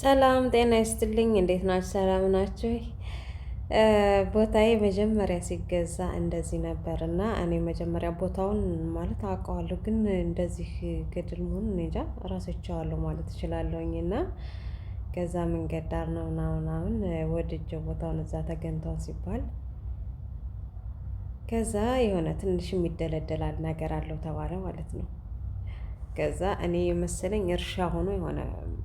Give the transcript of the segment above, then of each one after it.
ሰላም ጤና ይስጥልኝ። እንዴት ናችሁ? ሰላም ናችሁ? ቦታዬ መጀመሪያ ሲገዛ እንደዚህ ነበር እና እኔ መጀመሪያ ቦታውን ማለት አውቀዋለሁ፣ ግን እንደዚህ ገድል መሆኑ እንጃ እራሳቸዋለሁ ማለት እችላለሁኝ። እና ከዛ መንገድ ዳር ነው ምናምናምን ወድጀው ቦታውን እዛ ተገንተው ሲባል ከዛ የሆነ ትንሽ የሚደለደላል ነገር አለው ተባለ ማለት ነው። ከዛ እኔ የመሰለኝ እርሻ ሆኖ የሆነ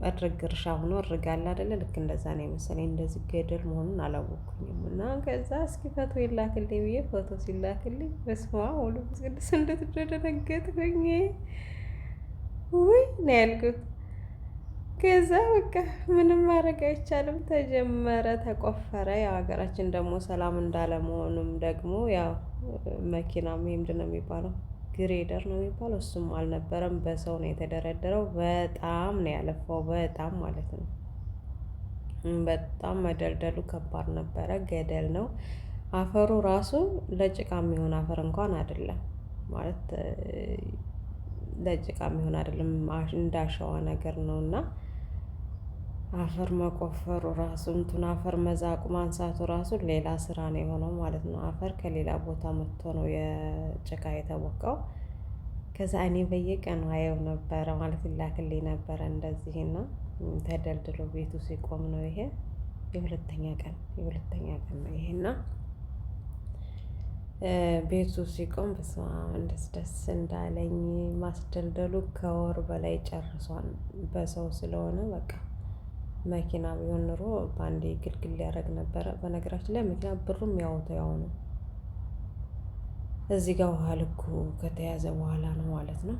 እርግ እርሻ ሆኖ እርግ አለ አደለ? ልክ እንደዛ ነው የመሰለኝ። እንደዚህ ገደል መሆኑን አላወቅኩኝም። እና ከዛ እስኪ ፎቶ ይላክልኝ ብዬ ፎቶ ሲላክልኝ በስመ ሁሉ ቅዱስ እንዴት እንደደነገጥኩኝ ውይ ነው ያልኩት። ከዛ በቃ ምንም ማድረግ አይቻልም። ተጀመረ፣ ተቆፈረ። ያው ሀገራችን ደግሞ ሰላም እንዳለመሆኑም ደግሞ ያው መኪና ምንድን ነው የሚባለው ግሬደር ነው የሚባለው እሱም አልነበረም። በሰው ነው የተደረደረው። በጣም ነው ያለፋው። በጣም ማለት ነው። በጣም መደልደሉ ከባድ ነበረ። ገደል ነው አፈሩ ራሱ ለጭቃ የሚሆን አፈር እንኳን አይደለም ማለት ለጭቃ የሚሆን አይደለም። እንዳሸዋ ነገር ነው እና አፈር መቆፈሩ ራሱ እንትን አፈር መዛቁ ማንሳቱ ራሱ ሌላ ስራ ነው የሆነው ማለት ነው። አፈር ከሌላ ቦታ መጥቶ ነው የጭቃ የተቦካው። ከዛ እኔ በየቀኑ አየው ነበረ ማለት ይላክልኝ ነበረ እንደዚህ እንደዚህና ተደልድሎ ቤቱ ሲቆም ነው ይሄ የሁለተኛ ቀን የሁለተኛ ቀን ነው ይሄ ይሄና ቤቱ ሲቆም በስማ እንደስ ደስ እንዳለኝ ማስደልደሉ ከወር በላይ ጨርሷን በሰው ስለሆነ በቃ መኪና ቢሆን ኑሮ በአንዴ ግልግል ሊያደርግ ነበረ። በነገራችን ላይ መኪና ብሩም ያወጣው ያው ነው። እዚህ ጋር ውሃ ልኩ ከተያዘ በኋላ ነው ማለት ነው።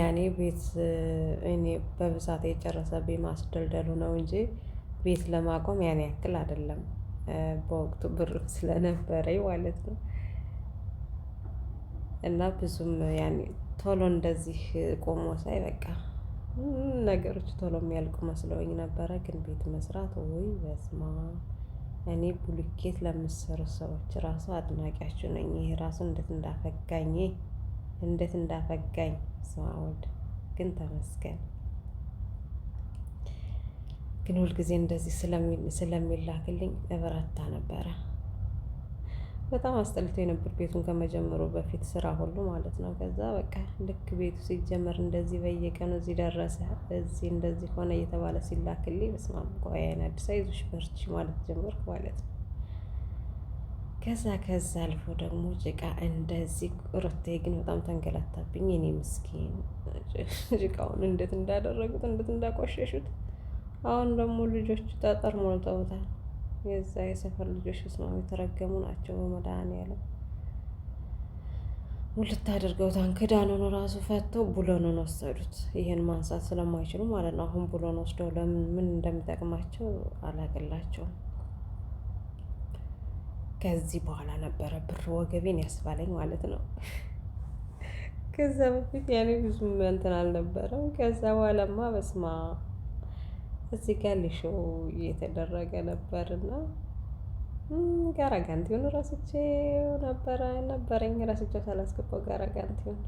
ያኔ ቤት እኔ በብዛት የጨረሰ ቤት ማስደልደሉ ነው እንጂ ቤት ለማቆም ያኔ ያክል አይደለም። በወቅቱ ብር ስለነበረ ማለት ነው። እና ብዙም ያኔ ቶሎ እንደዚህ ቆሞ ሳይ በቃ ነገሮች ቶሎ የሚያልቁ መስለውኝ ነበረ። ግን ቤት መስራት ወይ በስማ እኔ ብሎኬት ለምሰሩ ሰዎች ራሱ አድናቂያችሁ ነኝ። ይሄ ራሱ እንዴት እንዳፈጋኝ እንዴት እንዳፈጋኝ ሰውድ ግን ተመስገን። ግን ሁልጊዜ እንደዚህ ስለሚላክልኝ እበረታ ነበረ። በጣም አስጠልቶ የነበር ቤቱን ከመጀመሩ በፊት ስራ ሁሉ ማለት ነው። ከዛ በቃ ልክ ቤቱ ሲጀመር እንደዚህ በየቀኑ እዚህ ደረሰ፣ እዚህ እንደዚህ ሆነ እየተባለ ሲላክልኝ በስመ አብ ቆያን አዲስ አይዞሽ በርቺ ማለት ጀመርኩ ማለት ነው። ከዛ ከዛ አልፎ ደግሞ ጭቃ እንደዚህ ቁርቴ ግን በጣም ተንገላታብኝ። እኔ ምስኪን ጭቃውን እንዴት እንዳደረጉት እንዴት እንዳቆሸሹት። አሁን ደግሞ ልጆቹ ጠጠር ሞልተውታል። የዛ የሰፈር ልጆች ስማ የተረገሙ ናቸው። በመድኃኒዓለም ሁለት አድርገው ታንክዳኑን ራሱ ፈተው ቡለኑን ወሰዱት። ይህን ማንሳት ስለማይችሉ ማለት ነው። አሁን ቡለን ወስደው ለምን ምን እንደሚጠቅማቸው አላቅላቸውም። ከዚህ በኋላ ነበረ ብር ወገቤን ያስባለኝ ማለት ነው። ከዛ በፊት ያኔ ብዙም እንትን አልነበረም። ከዛ በኋላማ በስማ እዚህ ጋር ሊሾው እየተደረገ ነበር እና ጋራጋንቲውን ረስቼው ነበረ ነበረኝ ረስቼው ሳላስገባው ጋራጋንቲውን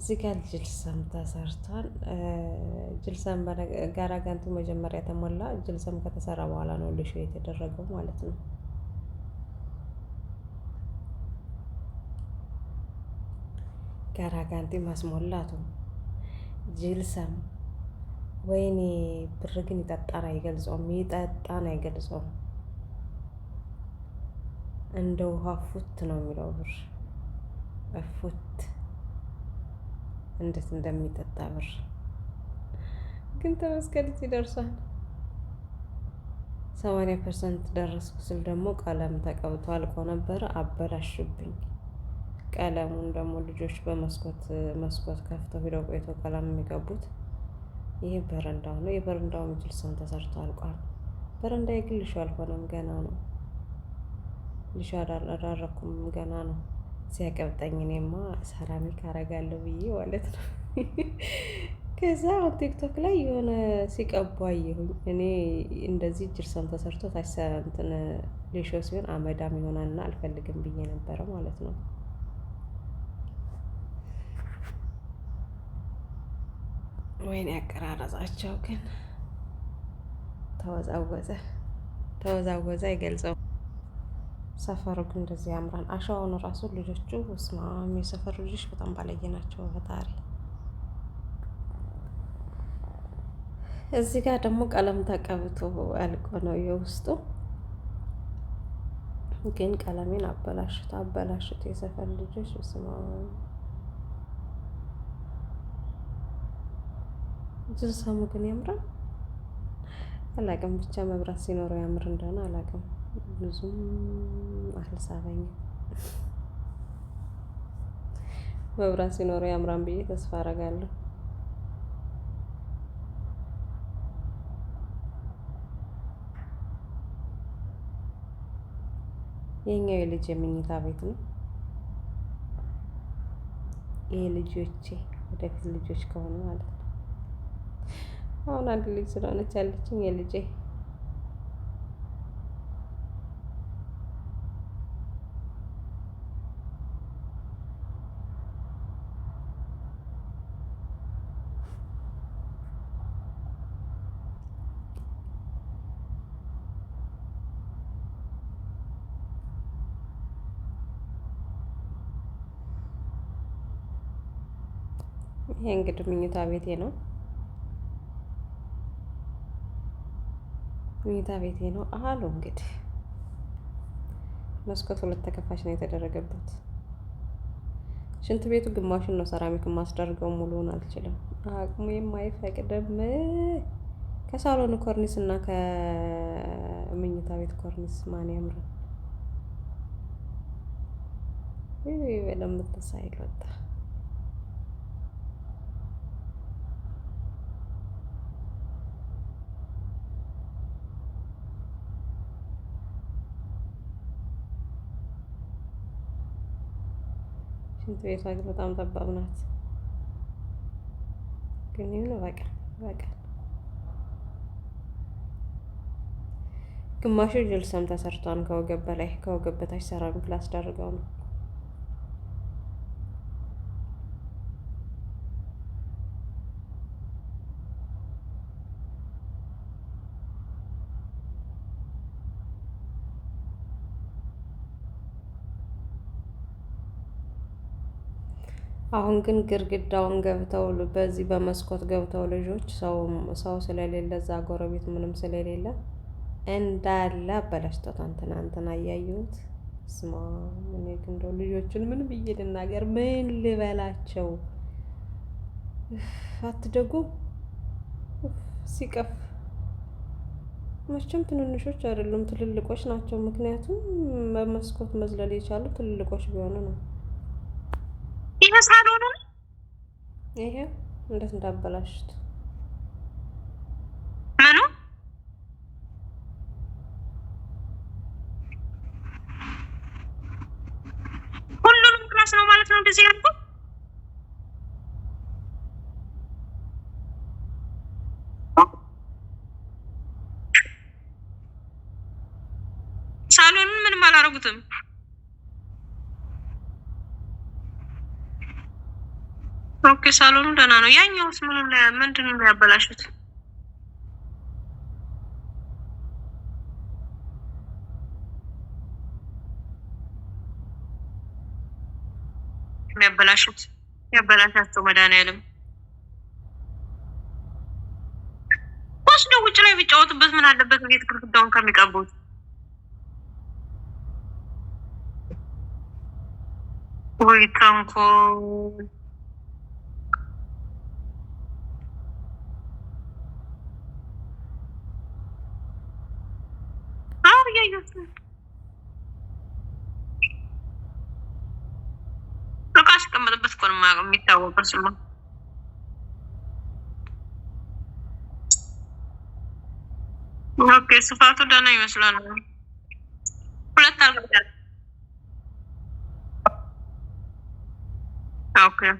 እዚህ ጋር ጅልሰም ተሰርቷል። ጅልሰም ጋራጋንቲው መጀመሪያ ተሞላ። ጅልሰም ከተሰራ በኋላ ነው ልሾ የተደረገው ማለት ነው። ጋራጋንቲ ማስሞላቱ ጅልሰም ወይኔ ብር ግን ይጠጣን አይገልጸውም፣ ይጠጣን አይገልጸውም። እንደ ውሃ ፉት ነው የሚለው ብር ፉት። እንዴት እንደሚጠጣ ብር ግን ተመስገን ይደርሷል። ሰማንያ ፐርሰንት ደረስኩ ስል ደግሞ ቀለም ተቀብቶ አልቆ ነበረ፣ አበላሹብኝ። ቀለሙን ደግሞ ልጆች በመስኮት መስኮት ከፍተው ሂደው ቆይቶ ቀለም የሚቀቡት ይሄ በረንዳው ነው። የበረንዳው ምጅልስም ተሰርቶ አልቋል። በረንዳ የግል ሾ አልሆነም፣ ገና ነው። ልሾ አዳረኩም ገና ነው። ሲያቀብጠኝ እኔማ ሰራሚክ አረጋለሁ ብዬ ማለት ነው። ከዛ አሁን ቲክቶክ ላይ የሆነ ሲቀቡ አየሁኝ። እኔ እንደዚህ ጅርሰን ተሰርቶ ታሰ ሌሾ ሲሆን አመዳም ይሆናልና አልፈልግም ብዬ ነበረ ማለት ነው። ወይን ያቀራረጻቸው ግን ተወዛወዘ ተወዛወዘ ይገልጸው። ሰፈሩ ግን እንደዚህ ያምራል። አሸዋውን ራሱ ልጆቹ ስማ፣ የሰፈሩ ልጆች በጣም ባለየ ናቸው። ፈጣሪ እዚህ ጋር ደግሞ ቀለም ተቀብቶ አልቆ ነው የውስጡ። ግን ቀለሜን አበላሹት አበላሹት የሰፈር ልጆች ስማ ጅልሳሙ ግን ያምራል። አላቅም ብቻ መብራት ሲኖረው ያምር እንደሆነ አላቅም። ብዙም አልሳበኝም። መብራት ሲኖረው ያምራን ብዬ ተስፋ አረጋለሁ። የኛው የልጅ የምኝታ ቤት ነው። ይሄ ልጆቼ ወደፊት ልጆች ከሆኑ ማለት ነው አሁን አንድ ልጅ ስለሆነች ያለችኝ የልጄ ይሄ እንግዲህ ምኝታ ቤቴ ነው። መኝታ ቤቴ ነው አሉ። እንግዲህ መስኮት ሁለት ተከፋሽ ነው የተደረገበት። ሽንት ቤቱ ግማሹን ነው ሰራሚክ ማስደርገው፣ ሙሉውን አልችልም፣ አቅሙ የማይፈቅድም። ከሳሎኑ ኮርኒስ እና ከመኝታ ቤት ኮርኒስ ማን ያምራል? በደንብ ተሳይል ወጣ ሽንት ቤቷ ግን በጣም ጠባብ ናት። ግን ይሁን በቃ በቃ ግማሹ ጅልሰም ተሰርቷን ከወገብ በላይ ከወገብ በታች ሰራሚክ ላስደርገው ነው። አሁን ግን ግርግዳውን ገብተው በዚህ በመስኮት ገብተው ልጆች ሰው ስለሌለ እዛ ጎረቤት ምንም ስለሌለ እንዳለ አበላሽቶታን። ትናንትና እያየሁት ስማ፣ ምን እንደው ልጆችን ምን ብዬ ልናገር? ምን ልበላቸው? አትደጉ ሲቀፍ መቼም ትንንሾች አይደሉም፣ ትልልቆች ናቸው። ምክንያቱም በመስኮት መዝለል የቻሉ ትልልቆች ቢሆኑ ነው። ይሄ ሳሎኑ ነው። ይሄ እንዴት እንዳበላሽት ምኑ ሁሉንም ክላስ ነው ማለት ነው እንደዚህ ያልኩት። ሳሎኑን ምንም አላረጉትም። ኦኬ፣ ሳሎኑ ደህና ነው። ያኛውስ ምን ላይ ምንድን ነው ያበላሹት? የሚያበላሹት ያበላሻቸው መድኃኒዓለም ወስደው ውጭ ላይ ቢጫወቱበት ምን አለበት? ቤት ግድግዳውን ከሚቀቡት ወይ ተንኮል Tumalabas ko naman ako. May tawa pa siya mo. Okay, sapato so daw na yun sila naman. Wala talaga dyan. Okay.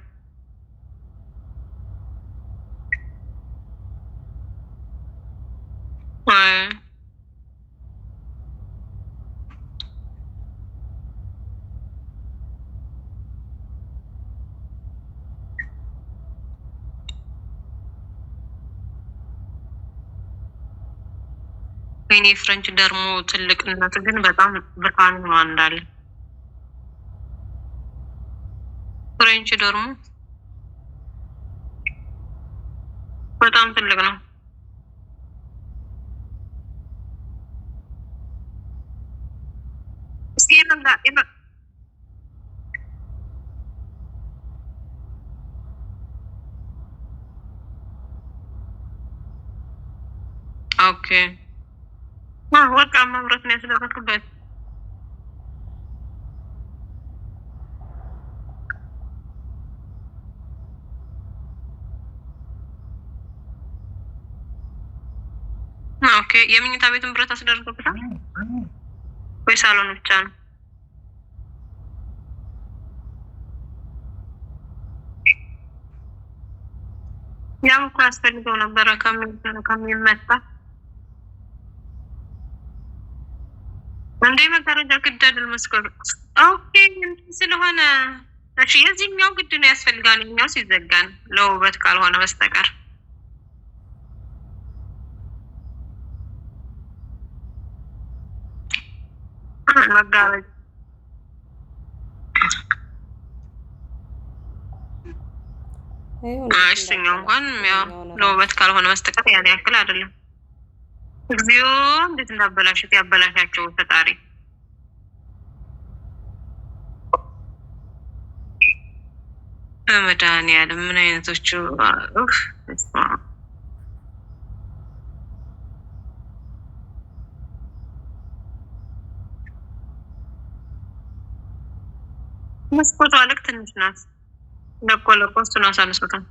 Bye. የኔ ፍረንች ደርሞ ትልቅነት ግን በጣም ብርሃን ሆኖ አንዳለ ፍሬንች ደርሞ በጣም ትልቅ ነው። ኦኬ ወርቃማ ብረት ነው ያስደረግኩበት። ኦኬ፣ የምኝታ ቤቱን ብረት አስደርጎበታል ወይ ሳሎን ብቻ ነው? ያም እኮ ያስፈልገው ነበረ ከሚመጣ እንዴ መጋረጃ ግድ አይደል መስቀሉ። ኦኬ ስለሆነ እሺ፣ የዚህኛው ግድ ነው ያስፈልጋል። ኛው ሲዘጋን ለውበት ካልሆነ በስተቀር መጋረጃ እሱኛው እንኳን ያው ለውበት ካልሆነ በስተቀር ያን ያክል አይደለም። እግዚኦ እንዴት እንዳበላሽት ያበላሻቸው ፈጣሪ። በመድኃኒዓለም ምን አይነቶቹ መስኮቷ ልክ ትንሽ ናት። ለቆ ለቆ እሱን አሳንሶታል።